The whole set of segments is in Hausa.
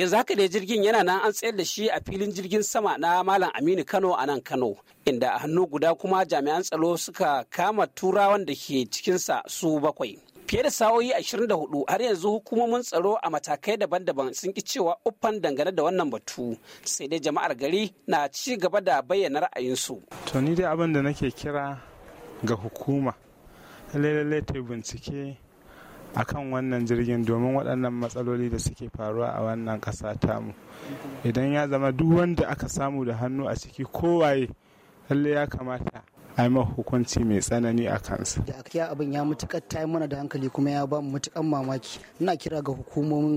yanzu haka dai jirgin yana nan an tsayar da shi a filin jirgin sama na malam aminu kano a nan kano inda a hannu guda kuma jami'an tsaro suka kama turawan da ke cikinsa su bakwai fiye da sa'o'i hudu, har yanzu hukumomin tsaro a matakai daban-daban sun ki cewa uffan dangane da wannan batu sai dai jama'ar gari na ci gaba da bayyana ra'ayinsu to ni dai abin da nake kira ga hukuma lalle ta bincike akan wannan jirgin domin waɗannan matsaloli da suke faruwa a wannan ƙasa tamu idan ya zama duk wanda aka samu da hannu a ciki kowaye lalle ya kamata ai ma hukunci mai tsanani a kansa. Da akiya abin ya mutukar ta mana da hankali kuma ya ba mu mutukan mamaki. Ina kira ga hukumomin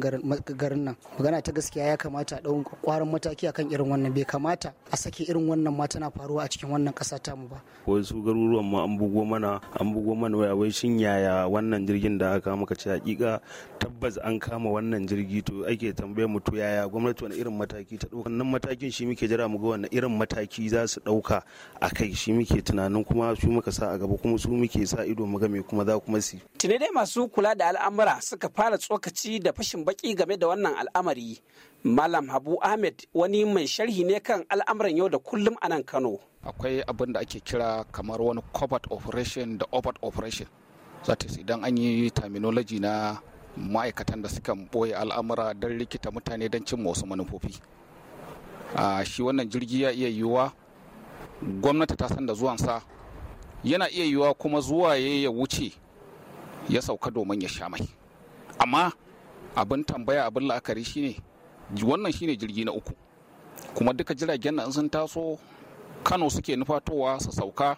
garin nan. Magana ta gaskiya ya kamata a ɗau kwarin mataki akan irin wannan bai kamata a sake irin wannan ma tana faruwa a cikin wannan ƙasa ta mu ba. Wasu garuruwan ma an bugo mana an bugo mana waya wai shin yaya wannan jirgin da aka muka ce hakika tabbas an kama wannan jirgi to ake tambayar mu to yaya gwamnati wani irin mataki ta ɗauka. Wannan matakin shi muke jira mu ga wannan irin mataki za su ɗauka a kai shi muke tunani. tunanin kuma su muka sa a gaba kuma su muke sa ido mu game kuma za kuma su Tune dai masu kula da al'amura suka fara tsokaci da fashin baki game da wannan al'amari. Malam Habu Ahmed wani mai sharhi ne kan al'amuran yau da kullum a nan Kano. Akwai abin da ake kira kamar wani covert operation da overt operation. Zata idan an yi terminology na ma'aikatan da suka boye al'amura don rikita mutane don cin wasu manufofi. Ah, shi wannan jirgi ya iya yiwuwa gwamnati ta san da zuwansa yana iya yiwuwa kuma zuwa ya ya wuce ya sauka domin ya sha mai amma abin tambaya abin la'akari shine wannan shine jirgi na uku kuma duka jiragen nan sun taso kano suke nufatowa su sauka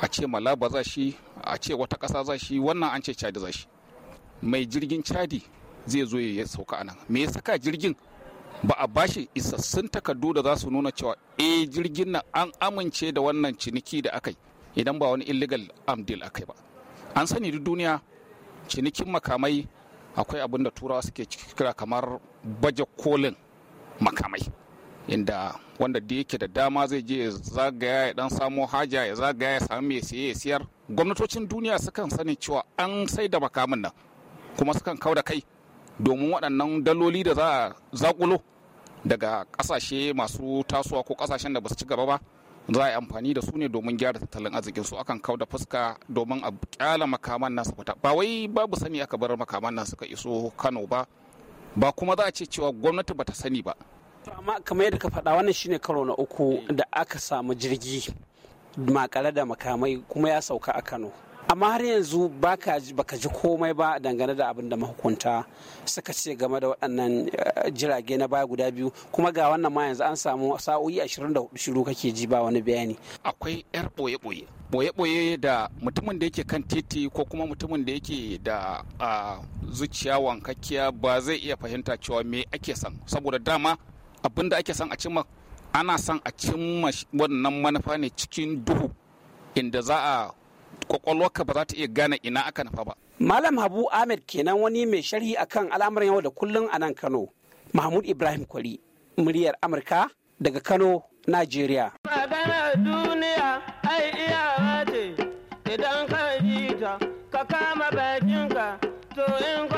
a ce malaba za shi a ce wata ƙasa za shi wannan an ce Chadi za shi mai jirgin Chadi zai zo ya sauka anan me ya saka jirgin ba a bashi isassun takardu da za su nuna cewa e jirgin nan an amince da wannan ciniki da aka idan ba wani illegal arm deal aka ba an sani duk duniya cinikin makamai akwai abin da turawa suke kira kamar baje kolin makamai inda wanda da yake da dama zai je ya zagaya ya dan samo haja ya zagaya ya samu mai siye ya siyar gwamnatocin duniya sukan sani cewa an sai da makamin nan kuma sukan kau da kai domin waɗannan daloli da za a zakulo daga kasashe masu tasowa ko kasashen da ba su ci gaba ba za a yi amfani da su ne domin gyara tattalin arzikin su akan kau da fuska domin a kyala makaman nasu fita ba wai babu sani aka bar makaman nasu ka iso kano ba ba kuma za a ce cewa gwamnati ba ta sani ba amma kamar yadda ka faɗa wannan shine karo na uku da aka samu jirgi makale da makamai kuma ya sauka a kano amma har yanzu baka ji komai ba dangane da abin da mahukunta suka ce game da waɗannan eh, jirage na baya guda biyu kuma ga wannan ma yanzu an samu sa'o'i 24 shiru kake ji ba wani bayani akwai yar boye-boye boye-boye da mutumin da yake kan titi ko kuma mutumin da yake da zuciya wankakkiya ba zai iya fahimta cewa me ake son saboda dama abin da ake son a cimma ana son a cimma wannan manufa ne cikin duhu inda za a kwakwalwarka ba za ta iya gane ina aka nafa ba. Malam Habu Ahmed kenan wani mai sharhi akan al'amuran yau da kullun a nan Kano. Mahmud Ibrahim Kwari, muryar Amurka daga Kano, Najeriya. duniya ai iyawa ce idan ka ji ta ka kama bakinka to in